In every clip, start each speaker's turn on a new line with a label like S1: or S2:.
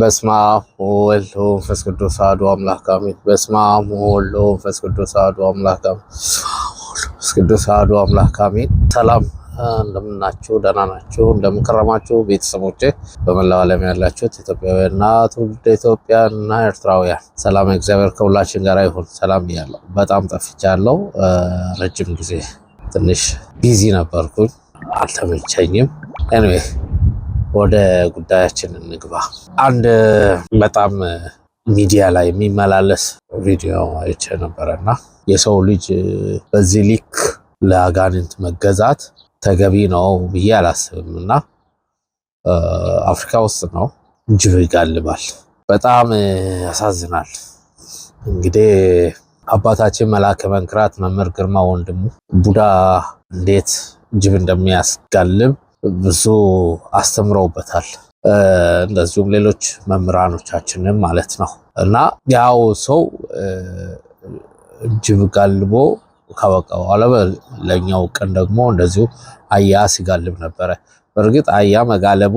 S1: በስመ አብ ወወልድ ወመንፈስ ቅዱስ አሐዱ አምላክ አሜን። በስመ አብ ወወልድ ወመንፈስ ቅዱስ አሐዱ አምላክ አሜን። መንፈስ ቅዱስ አሐዱ አምላክ አሜን። ሰላም እንደምናችሁ፣ ደህና ናችሁ? እንደምንከረማችሁ ቤተሰቦቼ፣ በመላው ዓለም ያላችሁት ኢትዮጵያውያንና ትውልደ ኢትዮጵያና ኤርትራውያን ሰላም እግዚአብሔር ከሁላችን ጋር ይሁን። ሰላም እያለሁ በጣም ጠፍቻለሁ። ረጅም ጊዜ ትንሽ ቢዚ ነበርኩኝ፣ አልተመቸኝም። ኤኒዌይ ወደ ጉዳያችን እንግባ። አንድ በጣም ሚዲያ ላይ የሚመላለስ ቪዲዮ አይቼ ነበረና የሰው ልጅ በዚህ ልክ ለአጋንንት መገዛት ተገቢ ነው ብዬ አላስብም። እና አፍሪካ ውስጥ ነው ጅብ ይጋልባል። በጣም ያሳዝናል። እንግዲህ አባታችን መላከ መንክራት መምህር ግርማ ወንድሙ ቡዳ እንዴት ጅብ እንደሚያስጋልብ ብዙ አስተምረውበታል። እንደዚሁም ሌሎች መምህራኖቻችንም ማለት ነው እና ያው ሰው ጅብ ጋልቦ ካበቃ በኋላ ለኛው ቀን ደግሞ እንደዚሁ አያ ሲጋልብ ነበረ። በእርግጥ አያ መጋለቡ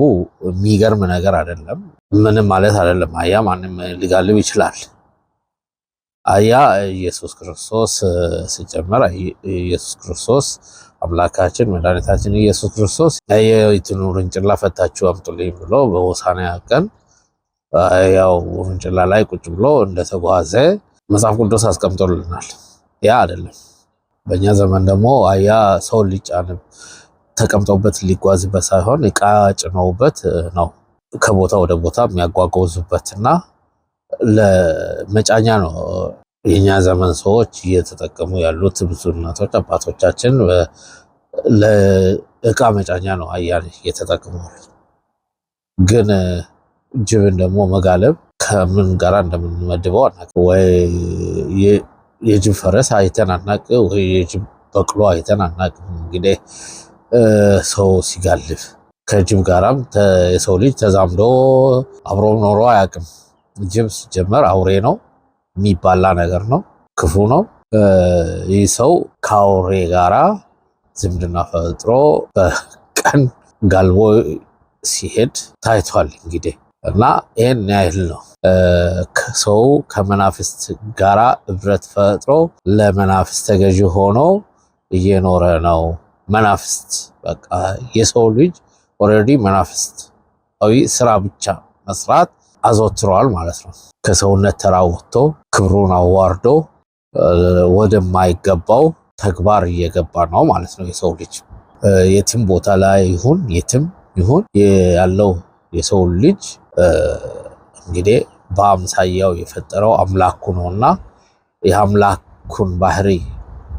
S1: የሚገርም ነገር አይደለም፣ ምንም ማለት አይደለም። አያ ማንም ሊጋልብ ይችላል። አያ ኢየሱስ ክርስቶስ ሲጀመር ኢየሱስ ክርስቶስ አምላካችን መድኃኒታችን ኢየሱስ ክርስቶስ የይትን ውርንጭላ ፈታችሁ አምጡልኝ ብሎ በሆሳዕና ቀን ያው ውርንጭላ ላይ ቁጭ ብሎ እንደተጓዘ መጽሐፍ ቅዱስ አስቀምጦልናል። ያ አይደለም። በእኛ ዘመን ደግሞ አያ ሰው ሊጫንም ተቀምጠውበት ሊጓዝበት ሳይሆን እቃ ጭነውበት ነው ከቦታ ወደ ቦታ የሚያጓጓዙበት እና ለመጫኛ ነው የኛ ዘመን ሰዎች እየተጠቀሙ ያሉት ብዙ እናቶች አባቶቻችን ለእቃ መጫኛ ነው አህያን እየተጠቀሙ ግን ጅብን ደግሞ መጋለብ ከምን ጋር እንደምንመድበው አናውቅ። ወይ የጅብ ፈረስ አይተን አናውቅ፣ ወይ የጅብ በቅሎ አይተን አናውቅ። እንግዲህ ሰው ሲጋልብ ከጅብ ጋራም የሰው ልጅ ተዛምዶ አብሮ ኖሮ አያውቅም። ጅብ ሲጀመር አውሬ ነው። የሚባላ ነገር ነው። ክፉ ነው። ይህ ሰው ከአውሬ ጋራ ዝምድና ፈጥሮ በቀን ጋልቦ ሲሄድ ታይቷል። እንግዲህ እና ይህን ያህል ነው። ሰው ከመናፍስት ጋራ እብረት ፈጥሮ ለመናፍስት ተገዢ ሆኖ እየኖረ ነው። መናፍስት በቃ የሰው ልጅ ኦልሬዲ መናፍስታዊ ስራ ብቻ መስራት አዘወትረዋል ማለት ነው። ከሰውነት ተራ ወጥቶ ክብሩን አዋርዶ ወደማይገባው ተግባር እየገባ ነው ማለት ነው። የሰው ልጅ የትም ቦታ ላይ ይሁን የትም ይሁን ያለው የሰው ልጅ እንግዲህ በአምሳያው የፈጠረው አምላኩ ነው እና የአምላኩን ባህሪ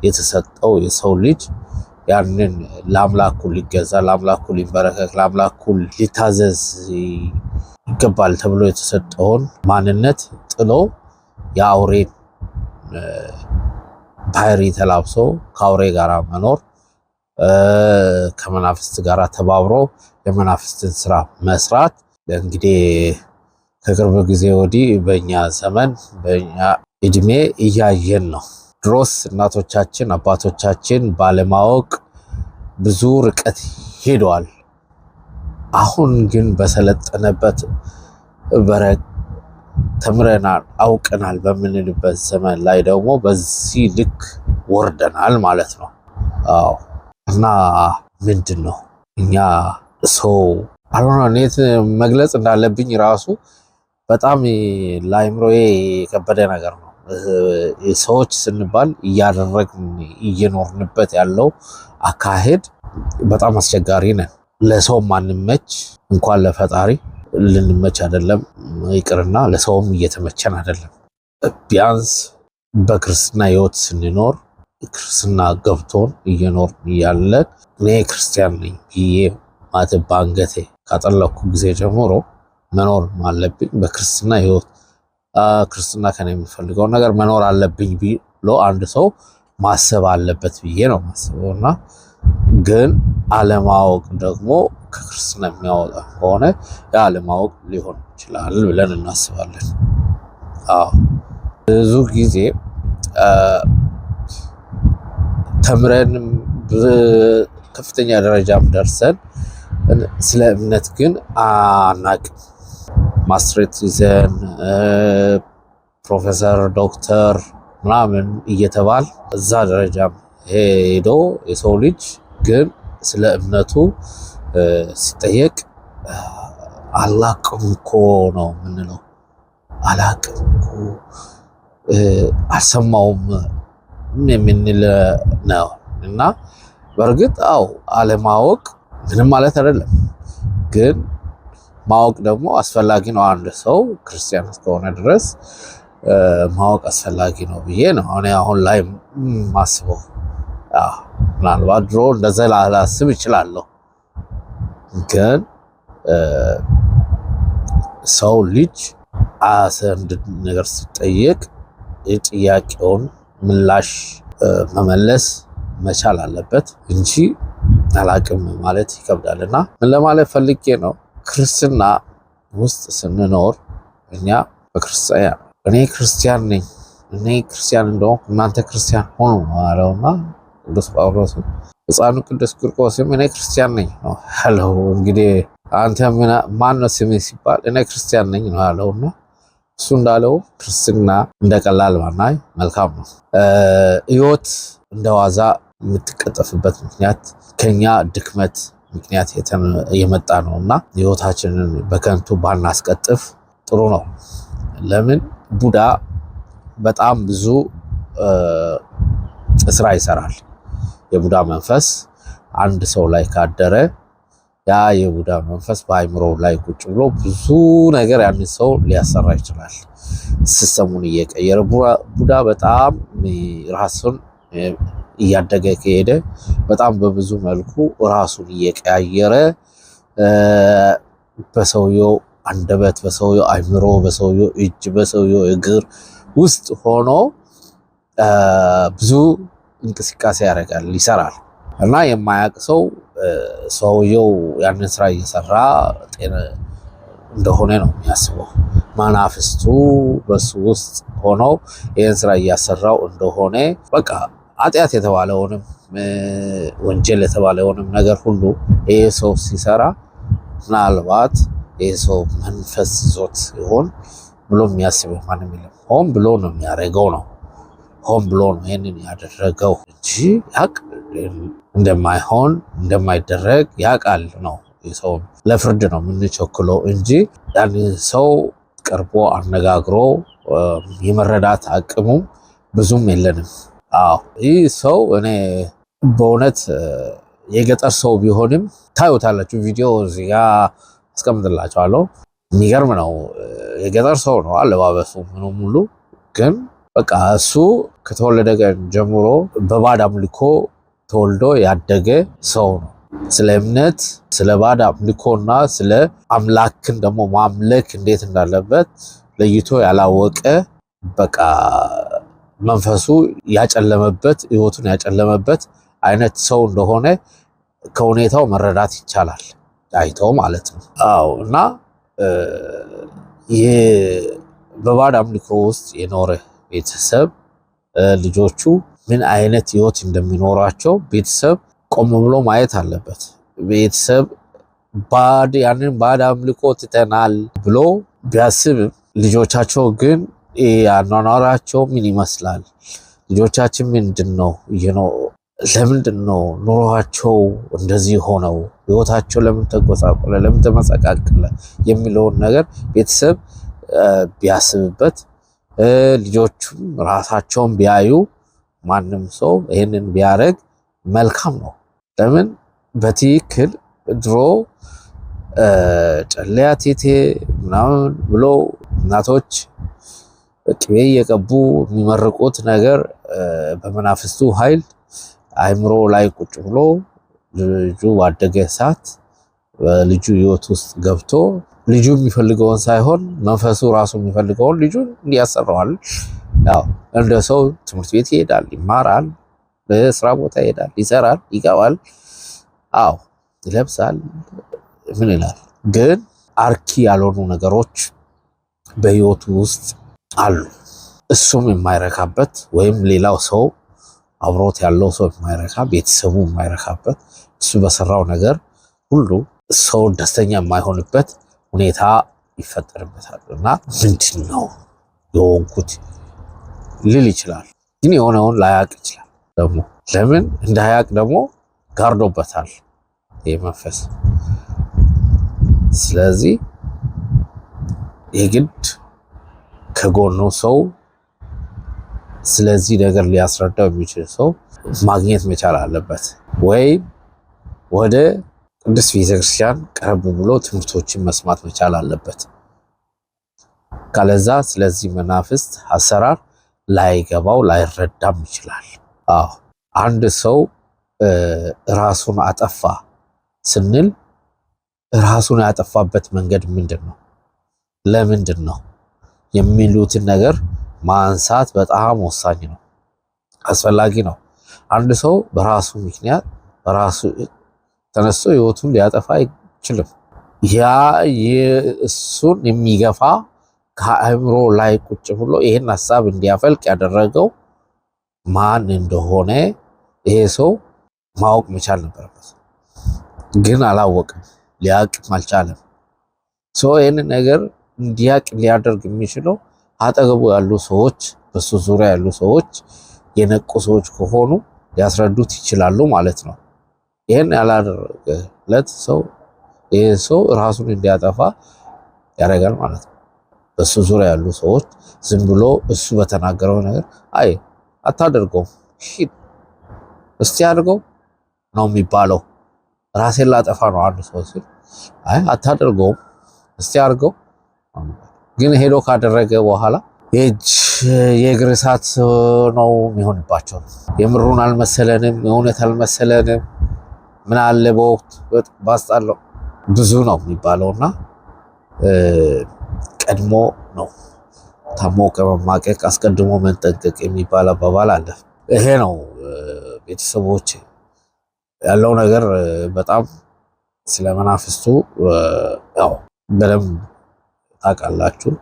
S1: የተሰጠው የሰው ልጅ ያንን ለአምላኩ ሊገዛ፣ ለአምላኩ ሊበረከክ ለአምላኩ ሊታዘዝ ይገባል ተብሎ የተሰጠውን ማንነት ጥሎ የአውሬን ባህሪ ተላብሶ ከአውሬ ጋር መኖር ከመናፍስት ጋር ተባብሮ የመናፍስትን ስራ መስራት እንግዲህ ከቅርብ ጊዜ ወዲህ በእኛ ዘመን በእኛ እድሜ እያየን ነው። ድሮስ እናቶቻችን አባቶቻችን ባለማወቅ ብዙ ርቀት ሄደዋል። አሁን ግን በሰለጠነበት በረት ተምረናል አውቀናል በምንልበት ዘመን ላይ ደግሞ በዚህ ልክ ወርደናል ማለት ነው። አዎ እና ምንድን ነው እኛ ሰው አልሆነ እኔት መግለጽ እንዳለብኝ ራሱ በጣም ለአይምሮዬ የከበደ ነገር ነው። ሰዎች ስንባል እያደረግን እየኖርንበት ያለው አካሄድ በጣም አስቸጋሪ ነን። ለሰው ማንመች እንኳን ለፈጣሪ ልንመች አይደለም ይቅርና ለሰውም እየተመቸን አይደለም። ቢያንስ በክርስትና ህይወት ስንኖር ክርስትና ገብቶን እየኖር እያለ እኔ ክርስቲያን ነኝ ብዬ ማተብ በአንገቴ ካጠለኩ ጊዜ ጀምሮ መኖር አለብኝ በክርስትና ህይወት ክርስትና ከነ የሚፈልገው ነገር መኖር አለብኝ ብሎ አንድ ሰው ማሰብ አለበት ብዬ ነው ማስበው እና ግን አለማወቅ ደግሞ ከክርስትና የሚያወጣ ከሆነ የአለማወቅ ሊሆን ይችላል ብለን እናስባለን። አዎ ብዙ ጊዜ ተምረን ከፍተኛ ደረጃም ደርሰን ስለ እምነት ግን አናቅም። ማስሬት ይዘን ፕሮፌሰር ዶክተር ምናምን እየተባል እዛ ደረጃም ሄዶ የሰው ልጅ ግን ስለ እምነቱ ሲጠየቅ አላቅም እኮ ነው የምንለው። አላቅም እኮ አልሰማውም የምንል ነው። እና በእርግጥ አው አለማወቅ ምንም ማለት አይደለም፣ ግን ማወቅ ደግሞ አስፈላጊ ነው። አንድ ሰው ክርስቲያን እስከሆነ ድረስ ማወቅ አስፈላጊ ነው ብዬ ነው እኔ አሁን ላይ ማስበው። ምናልባት ድሮ ለዘላ ላስብ ይችላለሁ፣ ግን ሰው ልጅ አሰ አንድ ነገር ሲጠየቅ የጥያቄውን ምላሽ መመለስ መቻል አለበት እንጂ አላቅም ማለት ይከብዳል። ይከብዳልና ምን ለማለት ፈልጌ ነው? ክርስትና ውስጥ ስንኖር እኛ በክርስቲያን እኔ ክርስቲያን ነኝ እኔ ክርስቲያን እንደውም እናንተ ክርስቲያን ሆኑ ማለውና ቅዱስ ጳውሎስም ህፃኑ ቅዱስ ቂርቆስም እኔ ክርስቲያን ነኝ ነው አለው። እንግዲህ አንተ ነው ስምህ ሲባል እኔ ክርስቲያን ነኝ ነው አለውና እሱ እንዳለው ክርስትና እንደቀላል ባናይ መልካም ነው። ሕይወት እንደዋዛ የምትቀጠፍበት ምክንያት ከኛ ድክመት ምክንያት የመጣ ነው እና በከንቱ ባናስቀጥፍ ጥሩ ነው። ለምን ቡዳ በጣም ብዙ ስራ ይሰራል። የቡዳ መንፈስ አንድ ሰው ላይ ካደረ ያ የቡዳ መንፈስ በአእምሮ ላይ ቁጭ ብሎ ብዙ ነገር ያን ሰው ሊያሰራ ይችላል። ሲስተሙን እየቀየረ ቡዳ በጣም ራሱን እያደገ ከሄደ በጣም በብዙ መልኩ ራሱን እየቀያየረ በሰውየው አንደበት፣ በሰውየው አይምሮ፣ በሰውየው እጅ፣ በሰውየው እግር ውስጥ ሆኖ ብዙ እንቅስቃሴ ያደርጋል፣ ይሰራል እና የማያውቅ ሰው ሰውየው ያንን ስራ እየሰራ እንደሆነ ነው የሚያስበው። መናፍስቱ በሱ ውስጥ ሆነው ይህን ስራ እያሰራው እንደሆነ በቃ ኃጢአት የተባለውንም ወንጀል የተባለውንም ነገር ሁሉ ይህ ሰው ሲሰራ ምናልባት ይህ ሰው መንፈስ ይዞት ሲሆን ብሎ የሚያስብ ማንም የለም። ሆን ብሎ ነው የሚያደርገው ነው ሆን ብሎ ነው ይህንን ያደረገው እንጂ ያቅ እንደማይሆን እንደማይደረግ ያቃል ነው ሰው ለፍርድ ነው የምንቸኩለው እንጂ ያን ሰው ቀርቦ አነጋግሮ የመረዳት አቅሙም ብዙም የለንም። ይህ ሰው እኔ በእውነት የገጠር ሰው ቢሆንም ታዩታላችሁ። ቪዲዮ እዚህ ጋ አስቀምጥላችኋለሁ። የሚገርም ነው። የገጠር ሰው ነው አለባበሱ ምኑ ሙሉ ግን በቃ እሱ ከተወለደ ቀን ጀምሮ በባዕድ አምልኮ ተወልዶ ያደገ ሰው ነው። ስለ እምነት፣ ስለ ባዕድ አምልኮና ስለ አምላክን ደግሞ ማምለክ እንዴት እንዳለበት ለይቶ ያላወቀ በቃ መንፈሱ ያጨለመበት ህይወቱን ያጨለመበት አይነት ሰው እንደሆነ ከሁኔታው መረዳት ይቻላል። አይተው ማለት ነው። አዎ እና በባዕድ አምልኮ ውስጥ የኖረ ቤተሰብ ልጆቹ ምን አይነት ህይወት እንደሚኖራቸው ቤተሰብ ቆም ብሎ ማየት አለበት። ቤተሰብ ባድ ያንን ባድ አምልኮ ትተናል ብሎ ቢያስብም ልጆቻቸው ግን አኗኗራቸው ምን ይመስላል? ልጆቻችን ምንድን ነው ለምንድን ነው ኑሯቸው እንደዚህ ሆነው ህይወታቸው ለምን ተጎሳቆለ፣ ለምን ተመሰቃቀለ የሚለውን ነገር ቤተሰብ ቢያስብበት ልጆቹም ራሳቸውን ቢያዩ ማንም ሰው ይህንን ቢያደርግ መልካም ነው። ለምን በትክክል ድሮ ጨለያ ቴቴ ምናምን ብሎ እናቶች ቅቤ እየቀቡ የሚመርቁት ነገር በመናፍስቱ ኃይል አይምሮ ላይ ቁጭ ብሎ ልጁ ባደገ ሰዓት በልጁ ህይወት ውስጥ ገብቶ ልጁ የሚፈልገውን ሳይሆን መንፈሱ ራሱ የሚፈልገውን ልጁ እንዲያሰራዋል። ያው እንደ ሰው ትምህርት ቤት ይሄዳል፣ ይማራል፣ በስራ ቦታ ይሄዳል፣ ይሰራል፣ ይገባል፣ አዎ ይለብሳል፣ ምን ይላል። ግን አርኪ ያልሆኑ ነገሮች በህይወቱ ውስጥ አሉ። እሱም የማይረካበት ወይም ሌላው ሰው አብሮት ያለው ሰው የማይረካ ቤተሰቡ የማይረካበት እሱ በሰራው ነገር ሁሉ ሰው ደስተኛ የማይሆንበት ሁኔታ ይፈጠርበታል እና ምንድን ነው የሆንኩት ልል ይችላል። ግን የሆነውን ላያቅ ይችላል። ደግሞ ለምን እንዳያቅ ደግሞ ጋርዶበታል ይህ መንፈስ። ስለዚህ የግድ ከጎኑ ሰው ስለዚህ ነገር ሊያስረዳው የሚችል ሰው ማግኘት መቻል አለበት ወይም ወደ ቅዱስ ቤተክርስቲያን ቀረብ ብሎ ትምህርቶችን መስማት መቻል አለበት። ካለዛ ስለዚህ መናፍስት አሰራር ላይገባው ላይረዳም ይችላል። አዎ አንድ ሰው ራሱን አጠፋ ስንል ራሱን ያጠፋበት መንገድ ምንድን ነው? ለምንድን ነው የሚሉትን ነገር ማንሳት በጣም ወሳኝ ነው፣ አስፈላጊ ነው። አንድ ሰው በራሱ ምክንያት በራሱ ተነስቶ ህይወቱን ሊያጠፋ አይችልም። ያ እሱን የሚገፋ ከአእምሮ ላይ ቁጭ ብሎ ይህን ሀሳብ እንዲያፈልቅ ያደረገው ማን እንደሆነ ይሄ ሰው ማወቅ መቻል ነበረበት፣ ግን አላወቅም፣ ሊያቅም አልቻለም። ሰው ይህን ነገር እንዲያቅ ሊያደርግ የሚችለው አጠገቡ ያሉ ሰዎች፣ በሱ ዙሪያ ያሉ ሰዎች የነቁ ሰዎች ከሆኑ ሊያስረዱት ይችላሉ ማለት ነው። ይህን ያላደረገለት ሰው ይህ ሰው ራሱን እንዲያጠፋ ያደርጋል ማለት ነው። በሱ ዙሪያ ያሉ ሰዎች ዝም ብሎ እሱ በተናገረው ነገር አይ አታደርገው ሂድ እስቲ አድርገው ነው የሚባለው። ራሴን ላጠፋ ነው አንዱ ሰው ሲል አይ አታደርገውም እስቲ አድርገው። ግን ሄዶ ካደረገ በኋላ የእጅ የእግር እሳት ነው የሚሆንባቸው። የምሩን አልመሰለንም፣ የእውነት አልመሰለንም ምን አለ በወቅቱ በጣም ባስጣለው ብዙ ነው የሚባለውና ቀድሞ ነው ታሞ ከመማቀቅ አስቀድሞ መንጠንቀቅ የሚባል አባባል አለ። ይሄ ነው ቤተሰቦች ያለው ነገር። በጣም ስለ መናፍስቱ ያው በደንብ ታውቃላችሁ።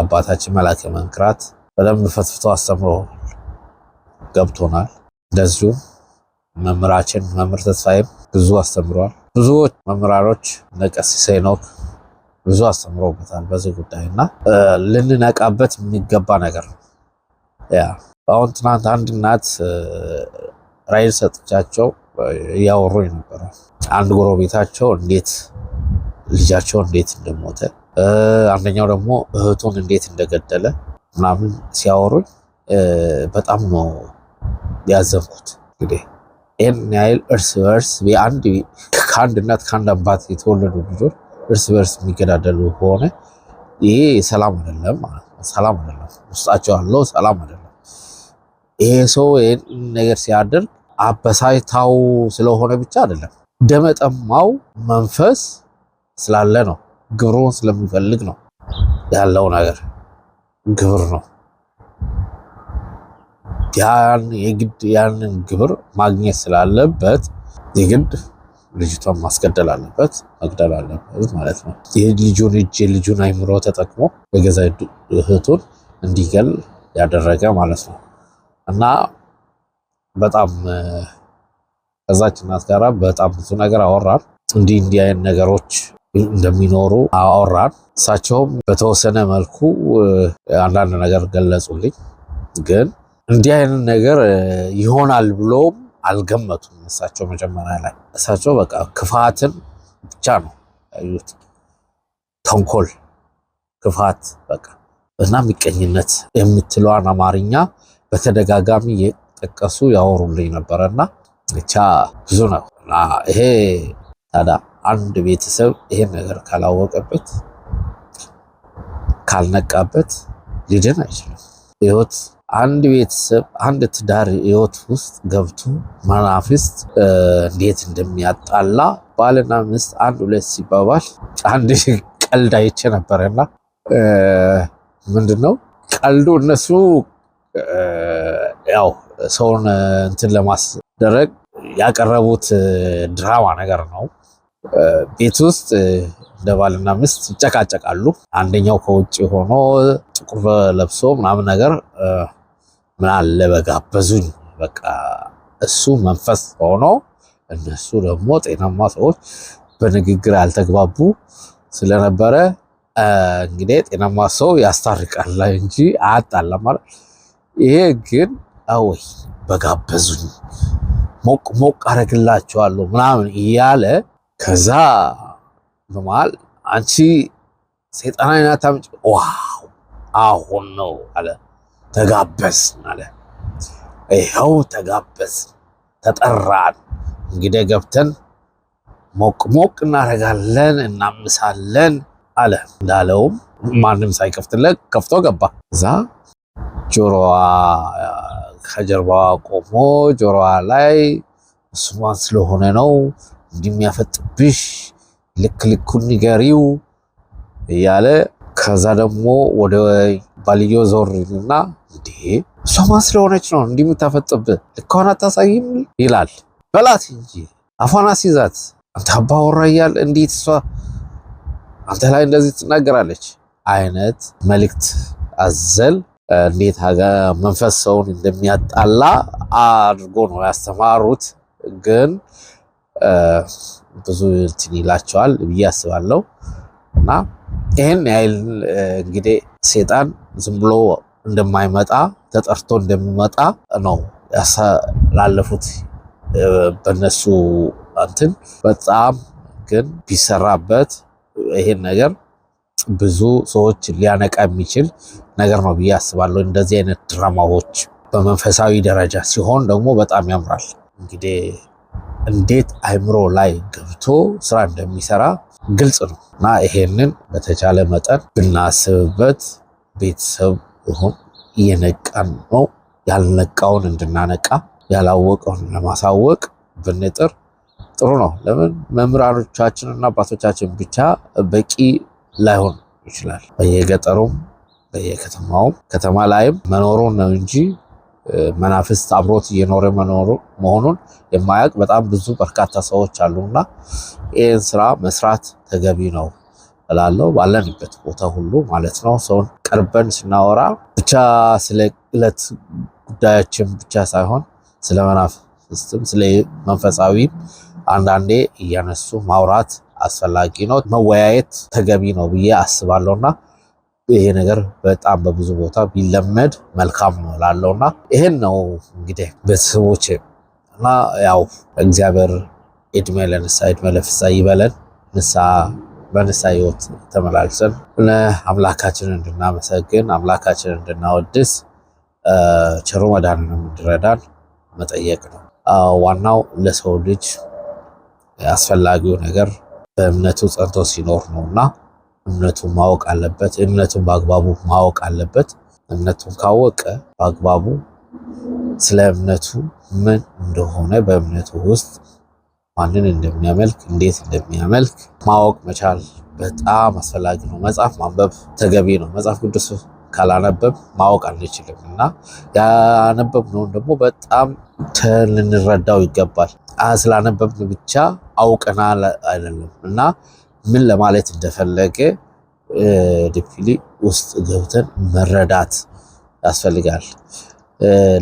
S1: አባታችን መላከ መንክራት በደንብ ፈትፍቶ አስተምሮ ገብቶናል። እንደዚሁም መምህራችን መምህር ተስፋዬም ብዙ አስተምረዋል። ብዙዎች መምህራኖች ነቀስ ሴኖክ ብዙ አስተምረውበታል በዚህ ጉዳይ እና ልንነቃበት የሚገባ ነገር ነው። ያ አሁን ትናንት አንድ እናት ራይን ሰጥቻቸው እያወሩኝ ነበረ። አንድ ጎረቤታቸው እንዴት ልጃቸው እንዴት እንደሞተ አንደኛው ደግሞ እህቱን እንዴት እንደገደለ ምናምን ሲያወሩኝ በጣም ነው ያዘንኩት እንግዲህ ይህን ያህል እርስ በርስ ከአንድ እናት ከአንድ አባት የተወለዱ ልጆች እርስ በርስ የሚገዳደሉ ከሆነ ይሄ ሰላም አይደለም ማለት ነው። ሰላም አይደለም፣ ውስጣቸው ያለው ሰላም አይደለም። ይሄ ሰው ይህን ነገር ሲያደርግ አበሳይታው ስለሆነ ብቻ አይደለም፣ ደመጠማው መንፈስ ስላለ ነው። ግብሩን ስለሚፈልግ ነው ያለው ነገር ግብር ነው። ያን የግድ ያንን ግብር ማግኘት ስላለበት የግድ ልጅቷን ማስገደል አለበት፣ መግደል አለበት ማለት ነው። የልጁን እጅ የልጁን አይምሮ ተጠቅሞ የገዛ እህቱን እንዲገል ያደረገ ማለት ነው እና በጣም ከዛች እናት ጋራ በጣም ብዙ ነገር አወራን። እንዲህ እንዲህ አይነት ነገሮች እንደሚኖሩ አወራን። እሳቸውም በተወሰነ መልኩ አንዳንድ ነገር ገለጹልኝ ግን እንዲህ አይነት ነገር ይሆናል ብሎም አልገመቱም። እሳቸው መጀመሪያ ላይ እሳቸው በቃ ክፋትን ብቻ ነው ያዩት፣ ተንኮል፣ ክፋት በቃ እና ምቀኝነት የምትለዋን አማርኛ በተደጋጋሚ እየጠቀሱ ያወሩልኝ እና ብቻ ብዙ ነው እና ይሄ ታዲያ አንድ ቤተሰብ ይሄን ነገር ካላወቀበት ካልነቃበት ሊድን አይችልም ህይወት አንድ ቤተሰብ አንድ ትዳር ህይወት ውስጥ ገብቶ መናፍስት እንዴት እንደሚያጣላ ባልና ሚስት አንድ ሁለት ሲባባል አንድ ቀልድ አይቼ ነበረና ምንድን ነው ቀልዱ? እነሱ ያው ሰውን እንትን ለማስደረግ ያቀረቡት ድራማ ነገር ነው። ቤት ውስጥ እንደ ባልና ሚስት ይጨቃጨቃሉ። አንደኛው ከውጭ ሆኖ ጥቁር ለብሶ ምናምን ነገር ምናለ በጋበዙኝ። በቃ እሱ መንፈስ ሆኖ እነሱ ደግሞ ጤናማ ሰዎች በንግግር ያልተግባቡ ስለነበረ እንግዲህ ጤናማ ሰው ያስታርቃል እንጂ አያጣላ ማለት። ይሄ ግን አወይ በጋበዙኝ ሞቅ ሞቅ አረግላቸዋለሁ ምናምን እያለ ከዛ በመሃል አንቺ ሴጣናዊና ታምጭ ዋው አሁን ነው አለ። ተጋበዝ አለ። ይኸው ተጋበዝ ተጠራን። እንግዲህ ገብተን ሞቅ ሞቅ እናደርጋለን እናምሳለን አለ። እንዳለውም ማንም ሳይከፍትለት ከፍቶ ገባ። እዛ ጆሮዋ ከጀርባዋ ቆሞ ጆሮዋ ላይ እሱማን ስለሆነ ነው እንደሚያፈጥብሽ ልክ ልኩን ንገሪው እያለ ከዛ ደግሞ ወደ ባልዮ ዞርና እንዴ እሷማ ስለሆነች ነው እንዲህ የምታፈጥብህ አታሳይም ይላል። በላት እንጂ አፏን አስይዛት። አንተ አባወራ እያል እንዴት እሷ አንተ ላይ እንደዚህ ትናገራለች? አይነት መልእክት አዘል እንዴት መንፈስ ሰውን እንደሚያጣላ አድርጎ ነው ያስተማሩት። ግን ብዙ እንትን ይላቸዋል ብዬ አስባለሁ እና ይህን ያህል እንግዲህ ሴጣን ዝም ብሎ እንደማይመጣ ተጠርቶ እንደሚመጣ ነው ያስተላለፉት። በነሱ እንትን በጣም ግን ቢሰራበት ይሄን ነገር ብዙ ሰዎች ሊያነቃ የሚችል ነገር ነው ብዬ አስባለሁ። እንደዚህ አይነት ድራማዎች በመንፈሳዊ ደረጃ ሲሆን ደግሞ በጣም ያምራል። እንግዲህ እንዴት አይምሮ ላይ ገብቶ ስራ እንደሚሰራ ግልጽ ነው እና ይሄንን በተቻለ መጠን ብናስብበት ቤተሰብ ይሁን እየነቃን ነው። ያልነቃውን እንድናነቃ ያላወቀውን ለማሳወቅ ብንጥር ጥሩ ነው። ለምን መምህራኖቻችን ና አባቶቻችን ብቻ በቂ ላይሆን ይችላል። በየገጠሩም በየከተማውም ከተማ ላይም መኖሩን ነው እንጂ መናፍስት አብሮት እየኖረ መኖሩ መሆኑን የማያውቅ በጣም ብዙ በርካታ ሰዎች አሉና ይህን ስራ መስራት ተገቢ ነው። እላለሁ። ባለንበት ቦታ ሁሉ ማለት ነው። ሰውን ቀርበን ስናወራ ብቻ ስለ ዕለት ጉዳያችን ብቻ ሳይሆን ስለ መናፍስትም ስለ መንፈሳዊም አንዳንዴ እያነሱ ማውራት አስፈላጊ ነው። መወያየት ተገቢ ነው ብዬ አስባለሁና ይሄ ነገር በጣም በብዙ ቦታ ቢለመድ መልካም ነው እላለሁና ይህን ነው እንግዲህ ቤተሰቦች እና ያው እግዚአብሔር እድሜ ለንሳ እድሜ ለፍሳ ይበለን። ንሳ በንሳ ህይወት ተመላልሰን አምላካችንን እንድናመሰግን አምላካችንን እንድናወድስ ቸሩ መዳን እንድረዳን መጠየቅ ነው። ዋናው ለሰው ልጅ አስፈላጊው ነገር በእምነቱ ጸንቶ ሲኖር ነው እና እምነቱን ማወቅ አለበት። እምነቱን በአግባቡ ማወቅ አለበት። እምነቱን ካወቀ በአግባቡ ስለ እምነቱ ምን እንደሆነ በእምነቱ ውስጥ ማንን እንደሚያመልክ እንዴት እንደሚያመልክ ማወቅ መቻል በጣም አስፈላጊ ነው። መጽሐፍ ማንበብ ተገቢ ነው። መጽሐፍ ቅዱስ ካላነበብ ማወቅ አንችልም እና ያነበብነውን ደግሞ በጣም ልንረዳው ይገባል። ስላነበብን ብቻ አውቀናል አይደለም እና ምን ለማለት እንደፈለገ ዲፕሊ ውስጥ ገብተን መረዳት ያስፈልጋል።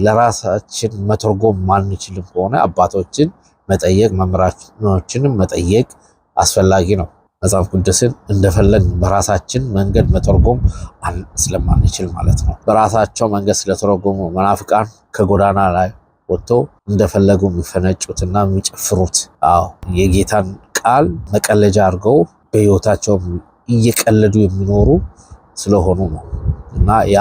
S1: ለራሳችን መተርጎም ማንችልም ከሆነ አባቶችን መጠየቅ መምህራኖችንም መጠየቅ አስፈላጊ ነው። መጽሐፍ ቅዱስን እንደፈለግ በራሳችን መንገድ መተርጎም ስለማንችል ማለት ነው። በራሳቸው መንገድ ስለተረጎሙ መናፍቃን ከጎዳና ላይ ወጥቶ እንደፈለጉ የሚፈነጩትና የሚጨፍሩት አዎ የጌታን ቃል መቀለጃ አድርገው በህይወታቸው እየቀለዱ የሚኖሩ ስለሆኑ ነው እና ያ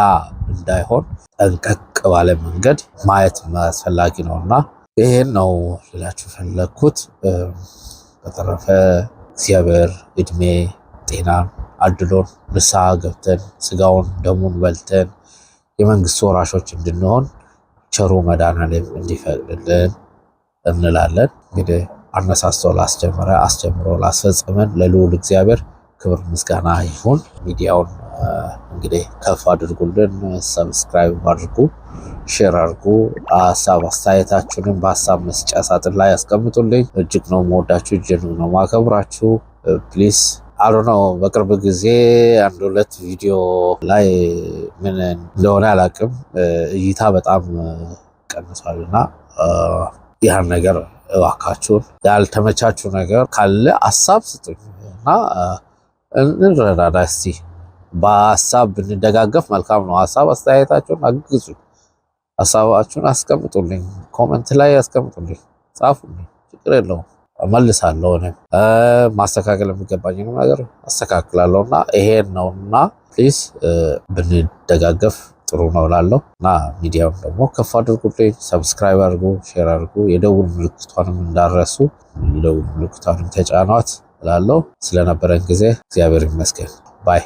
S1: እንዳይሆን ጠንቀቅ ባለ መንገድ ማየት አስፈላጊ ነውና ይሄን ነው ልላችሁ ፈለግኩት። በተረፈ እግዚአብሔር እድሜ ጤና አድሎን ንስሐ ገብተን ስጋውን ደሙን በልተን የመንግስቱ ወራሾች እንድንሆን ቸሩ መድኃኔዓለም እንዲፈቅድልን እንላለን። እንግዲህ አነሳስቶ ላስጀመረ አስጀምሮ ላስፈጸመን ለልዑል እግዚአብሔር ክብር ምስጋና ይሁን። ሚዲያውን እንግዲህ ከፍ አድርጉልን፣ ሰብስክራይብ አድርጉ፣ ሼር አድርጉ። ሀሳብ አስተያየታችሁንም በሀሳብ መስጫ ሳጥን ላይ ያስቀምጡልኝ። እጅግ ነው መወዳችሁ፣ እጅግ ነው ማከብራችሁ። ፕሊስ አሉ ነው። በቅርብ ጊዜ አንድ ሁለት ቪዲዮ ላይ ምን እንደሆነ አላቅም፣ እይታ በጣም ቀንሷል እና ያን ነገር እባካችሁን ያልተመቻችሁ ነገር ካለ ሀሳብ ስጡኝ እና እንረዳዳ እስቲ። በሀሳብ ብንደጋገፍ መልካም ነው። ሀሳብ አስተያየታችሁን አግዙ። ሀሳባችሁን አስቀምጡልኝ፣ ኮመንት ላይ አስቀምጡልኝ፣ ጻፉልኝ። ችግር የለውም እመልሳለሁ። እኔም ማስተካከል የሚገባኝ ነገር አስተካክላለሁ እና ይሄን ነው እና ፕሊስ ብንደጋገፍ ጥሩ ነው እላለሁ እና ሚዲያውን ደግሞ ከፍ አድርጉልኝ፣ ሰብስክራይብ አድርጉ፣ ሼር አድርጉ፣ የደውል ምልክቷንም እንዳረሱ የደውል ምልክቷንም ተጫኗት እላለሁ። ስለነበረን ጊዜ እግዚአብሔር ይመስገን ባይ